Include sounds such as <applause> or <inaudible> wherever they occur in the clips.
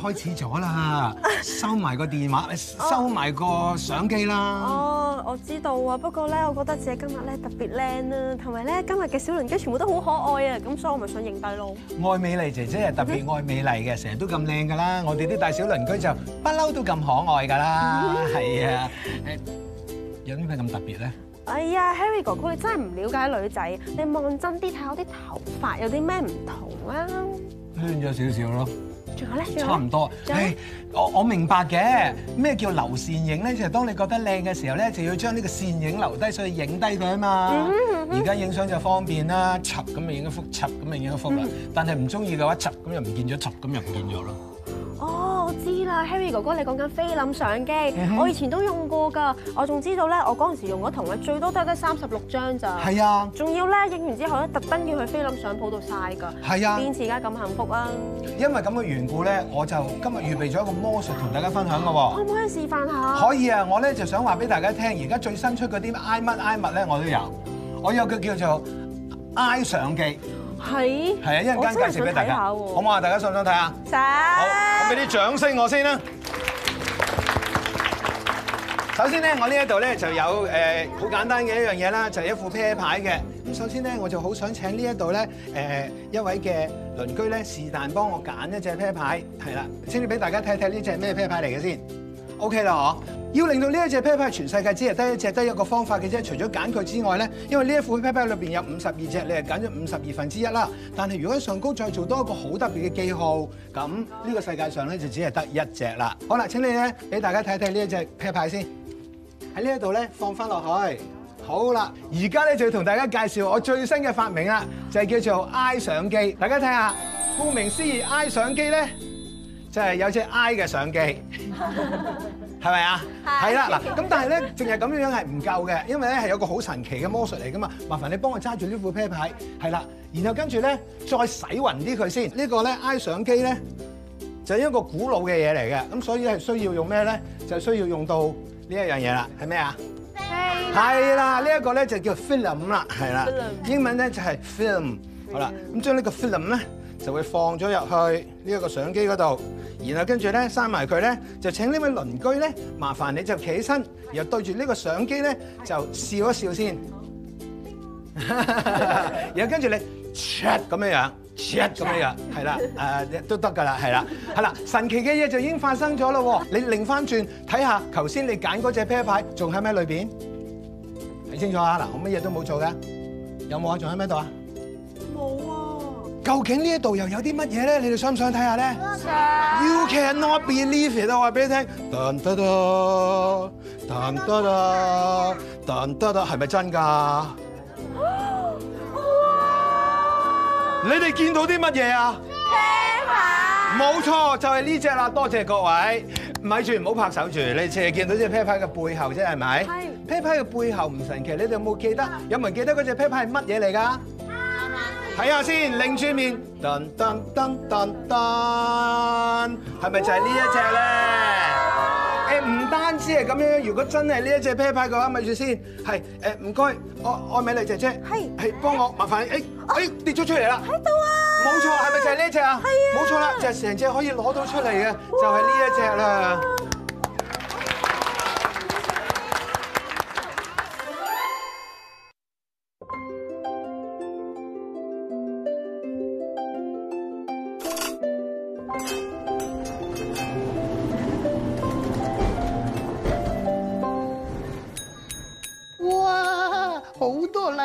開始咗啦！收埋個電話，收埋個相機啦。哦，我知道啊，不過咧，我覺得自己今日咧特別靚啦，同埋咧今日嘅小鄰居全部都好可愛啊，咁所以我咪想影低咯。愛美麗姐姐係特別愛美麗嘅，成日都咁靚噶啦，我哋啲大小鄰居就不嬲都咁可愛噶啦，係啊，有啲咩咁特別咧？哎呀，Harry 哥哥，你真係唔了解女仔，你望真啲睇下啲頭髮有啲咩唔同啊？亂咗少少咯。差唔多，唉好、哎，我我明白嘅。咩叫留倩影咧？就係、是、當你覺得靚嘅時候咧，就要將呢個倩影留低，所以影低佢吖嘛。而家影相就方便啦，插咁咪影一幅，插咁咪影一幅啦。幅嗯、但係唔中意嘅話，插咁又唔見咗，插咁又唔見咗咯。嗯 Harry 哥哥，你講緊菲林相機，我以前都用過㗎。我仲知道咧，我嗰陣時用嗰筒咧，最多得得三十六張咋。係啊，仲要咧，影完之後咧，特登要去菲林相鋪度晒㗎。係啊，邊時而家咁幸福啊？因為咁嘅緣故咧，我就今日預備咗一個魔術同大家分享㗎喎。可唔可以示範下？可以啊，我咧就想話俾大家聽，而家最新出嗰啲 I 乜 I 乜咧，我都有。我有個叫做 I 相機，係係啊，一陣間介紹俾大家。好唔好啊？大家想唔想睇啊？想。俾啲掌聲我先啦。首先咧，我呢一度咧就有誒好簡單嘅一樣嘢啦，就係一副啤牌嘅。咁首先咧，我就好想請呢一度咧誒一位嘅鄰居咧是但幫我揀一隻啤牌，係啦，請你俾大家睇睇呢隻咩啤牌嚟嘅先。OK 啦，我。要令到呢一隻啤牌全世界只係得一隻，得一個方法嘅啫。除咗揀佢之外咧，因為呢一副啤牌裏邊有五十二隻，你係揀咗五十二分之一啦。但係如果喺上高再做多一個好特別嘅記號，咁呢個世界上咧就只係得一隻啦。好啦，請你咧俾大家睇睇呢一隻啤牌先。喺呢一度咧放翻落去。好啦，而家咧就要同大家介紹我最新嘅發明啦，就係叫做 I 相機。大家睇下，顧名思義，I 相機咧就係有隻 I 嘅相機。 <laughs> 係咪啊？係啦，嗱咁但係咧，淨係咁樣係唔夠嘅，因為咧係有個好神奇嘅魔術嚟噶嘛。麻煩你幫我揸住呢副啤牌，係啦，然後跟住咧再洗勻啲佢先。呢個咧 Eye 相機咧就係一個古老嘅嘢嚟嘅，咁所以咧係需要用咩咧？就係、需要用到呢一樣嘢啦，係咩啊？film 係啦，呢一個咧就叫 film 啦，係啦，英文咧就係 film，好。好啦，咁將呢個 film 咧就會放咗入去呢一個相機嗰度。然後跟住咧，閂埋佢咧，就請呢位鄰居咧，麻煩你就企起身，然後對住呢個相機咧，是的 就笑一笑先好。 <laughs> 然後跟住你，check 咁樣樣，check 咁樣樣，係啦的，誒、呃、都得㗎啦，係啦，係啦， <laughs> 神奇嘅嘢就已經發生咗啦喎！你擰翻轉睇下，頭先你揀嗰隻啤牌仲喺咩裏邊？睇清楚啊！嗱，我乜嘢都冇做㗎，有冇啊？仲喺咩度啊？冇啊！究竟呢一度又有啲乜嘢咧？你哋想唔想睇下咧？想。You can not believe，it。我話俾你聽。得唔得，得唔得，得唔得，係咪真㗎？你哋見到啲乜嘢啊？啤牌。冇錯，就係呢隻啦。多謝各位，咪住唔好拍手住，你哋淨係見到隻啤牌嘅背後啫，係咪？係是。啤牌嘅背後唔神奇，你哋有冇記得？是有冇人記得嗰隻啤牌係乜嘢嚟㗎？睇下先，擰住面，噔噔噔噔噔，係咪就係呢一隻咧？誒哇，唔單止係咁樣，如果真係呢一隻啤牌嘅話，咪住先。係，誒唔該，愛愛美麗姐姐，係係是 幫我，麻煩你，誒誒跌咗出嚟啦，喺度啊，冇、啊、錯，係咪就係呢一隻是啊？係啊，冇錯啦，就係、是、成隻可以攞到出嚟嘅，就係呢一隻啦。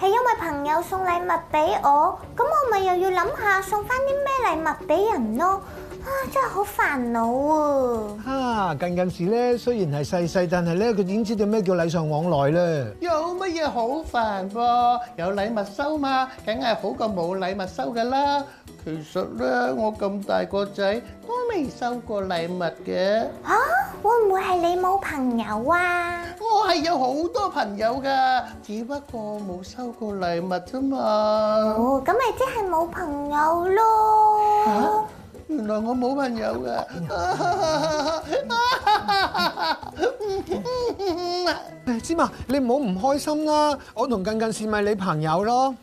係因為朋友送禮物俾我，咁我咪又要諗下送翻啲咩禮物俾人咯。啊！真係好煩惱啊！哈，近近時咧，雖然係細細，但係咧，佢點知道咩叫禮尚往來咧。有乜嘢好煩噃？有禮物收嘛，梗係好過冇禮物收噶啦。其實咧，我咁大個仔都未收過禮物嘅。吓，會唔會係你冇朋友啊？我係有好多朋友噶，只不過冇收過禮物啫嘛。哦，咁咪即係冇朋友咯。原來我冇朋友㗎，芝麻你唔好唔開心啦！我同近近係咪你朋友咯？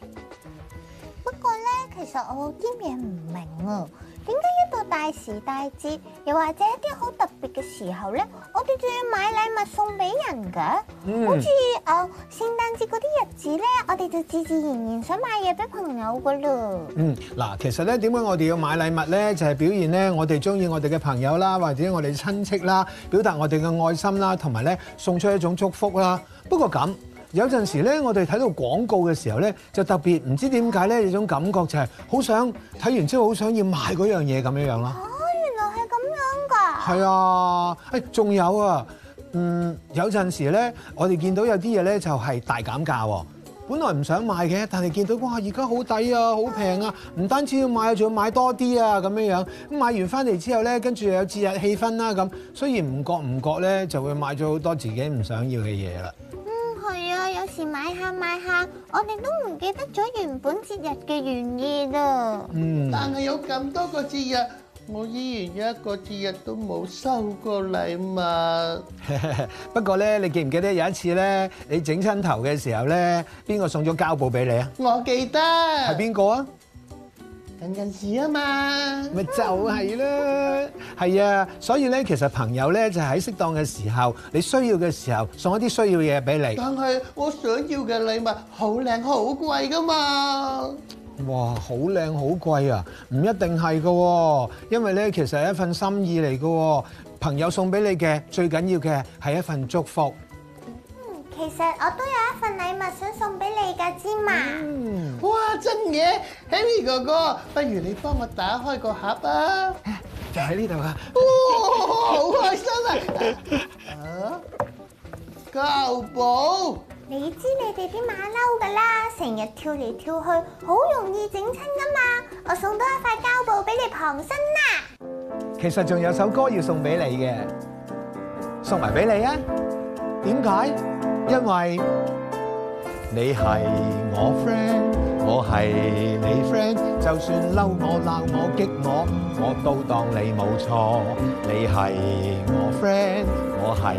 不過呢，其實我有啲嘢唔明啊。點解一到大時大節，又或者一啲好特別嘅時候咧，我哋仲要買禮物送俾人噶？好似、嗯、哦，聖誕節嗰啲日子咧，我哋就自自然然想買嘢俾朋友噶啦。嗯，嗱，其實咧，點解我哋要買禮物咧，就係、是、表現咧，我哋中意我哋嘅朋友啦，或者我哋親戚啦，表達我哋嘅愛心啦，同埋咧，送出一種祝福啦。不過咁。有陣時咧，我哋睇到廣告嘅時候咧，就特別唔知點解咧，有種感覺就係好想睇完之後好想要買嗰樣嘢咁樣樣、啊、咯、哦。原來係咁樣㗎？係啊！誒、哎，仲有啊，嗯，有陣時咧，我哋見到有啲嘢咧，就係大減價喎、啊。本來唔想買嘅，但係見到哇，而家好抵啊，好平啊，唔、啊、單止要買仲要買多啲啊，咁樣樣買完翻嚟之後咧，跟住又有節日氣氛啦、啊，咁雖然唔覺唔覺咧，就會買咗好多自己唔想要嘅嘢啦。有時買下買下，我哋都唔記得咗原本節日嘅原意啦。嗯，但係有咁多個節日，我依然一個節日都冇收過禮物。不過咧，你記唔記得有一次咧，你整親頭嘅時候咧，邊個送咗膠布俾你啊？我記得。係邊個啊？近近事啊嘛，咪就係啦，係啊， <laughs> 所以咧，其實朋友咧就喺適當嘅時候，你需要嘅時候送一啲需要嘅嘢俾你。但係我想要嘅禮物好靚好貴噶嘛，哇，好靚好貴啊，唔一定係噶，因為咧其實係一份心意嚟噶，朋友送俾你嘅最緊要嘅係一份祝福。其實我都有一份禮物想送俾你噶，芝麻。哇，真嘅，Harry 哥哥，不如你幫我打開個盒啊？就喺呢度啊！哇，好開心啊！膠布，你知你哋啲馬騮噶啦，成日跳嚟跳去，好容易整親噶嘛。我送多一塊膠布俾你傍身啦。其實仲有首歌要送俾你嘅，送埋俾你啊？點解？因為你係我 friend，我係你 friend，就算嬲我、鬧我、激我，我都當你冇錯，你係我 friend，我係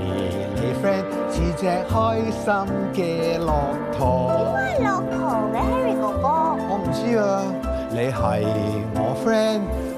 你 friend，似隻開心嘅駱駝。點解駱駝嘅，Harry 哥哥？我唔知啊。你係我 friend。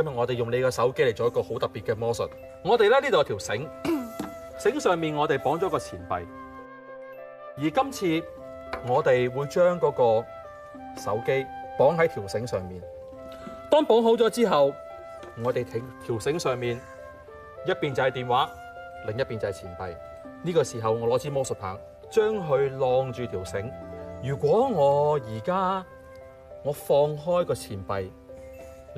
今日我哋用你個手機嚟做一個好特別嘅魔術。繩繩我哋咧呢度有條繩，繩上面我哋綁咗個錢幣。而今次我哋會將嗰個手機綁喺條繩上面。當綁好咗之後，我哋睇條繩上面一邊就係電話，另一邊就係錢幣。呢個時候我攞支魔術棒將佢晾住條繩。如果我而家我放開個錢幣。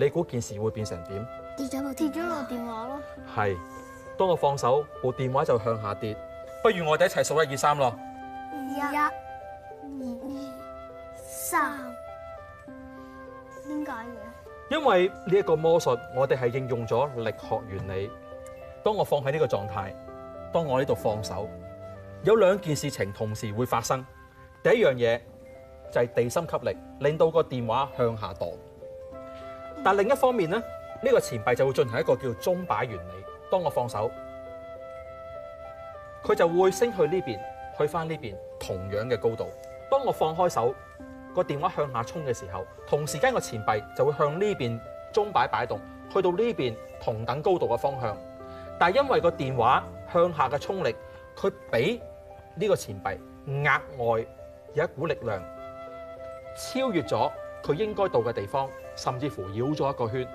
你估件事會變成點？跌咗落跌咗落電話咯。係，當我放手，部電話就會向下跌。不如我哋一齊數一二三咯。一、二、二、三，點解嘅？因為呢一個魔術，我哋係應用咗力學原理。當我放喺呢個狀態，當我呢度放手，有兩件事情同時會發生。第一樣嘢就係、是、地心吸力，令到個電話向下墮。但另一方面呢，呢個錢幣就會進行一個叫鐘擺原理。當我放手，佢就會升去呢邊，去翻呢邊同樣嘅高度。當我放開手，電個，擺擺個電話向下衝嘅時候，同時間個錢幣就會向呢邊鐘擺擺動，去到呢邊同等高度嘅方向。但係因為個電話向下嘅衝力，佢俾呢個錢幣額外有一股力量，超越咗佢應該到嘅地方。甚至乎繞咗一個圈，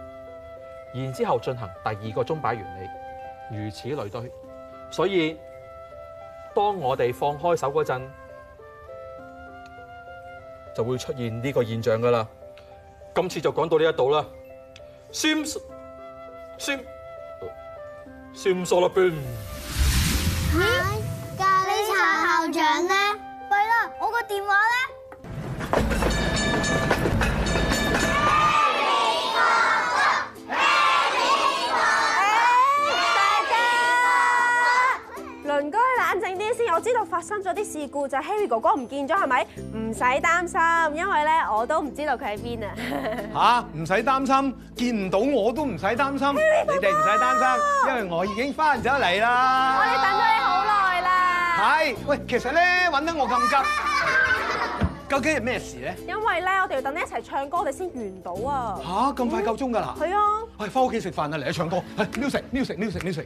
然之後進行第二個鐘擺原理，如此類推。所以當我哋放開手嗰陣，就會出現呢個現象噶啦。今次就講到呢一度啦。先先先收啦，Ben。啊、咖喱橙校長咧？弊啦，我個電話咧？發生咗啲事故就係 Harry 哥哥唔見咗係咪？唔使擔心，因為咧我都唔知道佢喺邊啊！吓，唔使擔心，見唔到我都唔使擔心，你哋唔使擔心，因為我已經翻咗嚟啦。我哋等咗你好耐啦。係，喂，其實咧揾得我咁急，究竟係咩事咧？因為咧，我哋要等你一齊唱歌，我哋先完到啊！吓，咁快夠鐘噶啦？係啊！喂，翻屋企食飯啦，嚟咗唱歌，喵食喵食喵食喵食。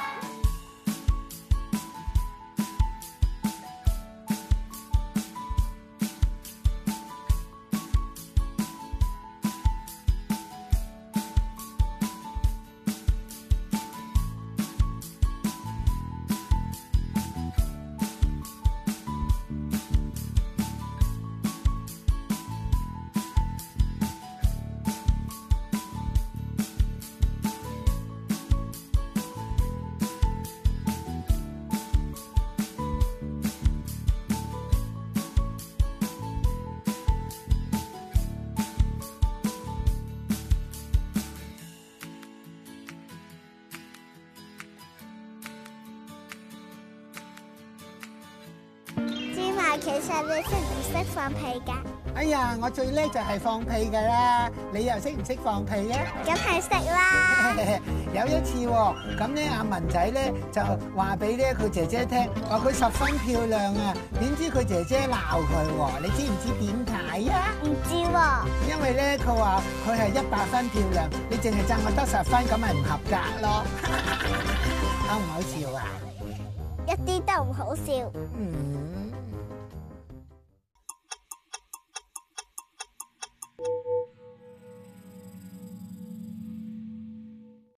其實你識唔識放屁噶？哎呀，我最叻就係放屁噶啦！你又識唔識放屁咧？梗係識啦。有一次咁咧，阿文仔咧就話俾咧佢姐姐聽，話佢十分漂亮啊。點知佢姐姐鬧佢？你知唔知點解呀？唔知。因為咧，佢話佢係一百分漂亮，你淨係讚我得十分，咁咪唔合格咯。好唔好笑啊？一啲都唔好笑。嗯。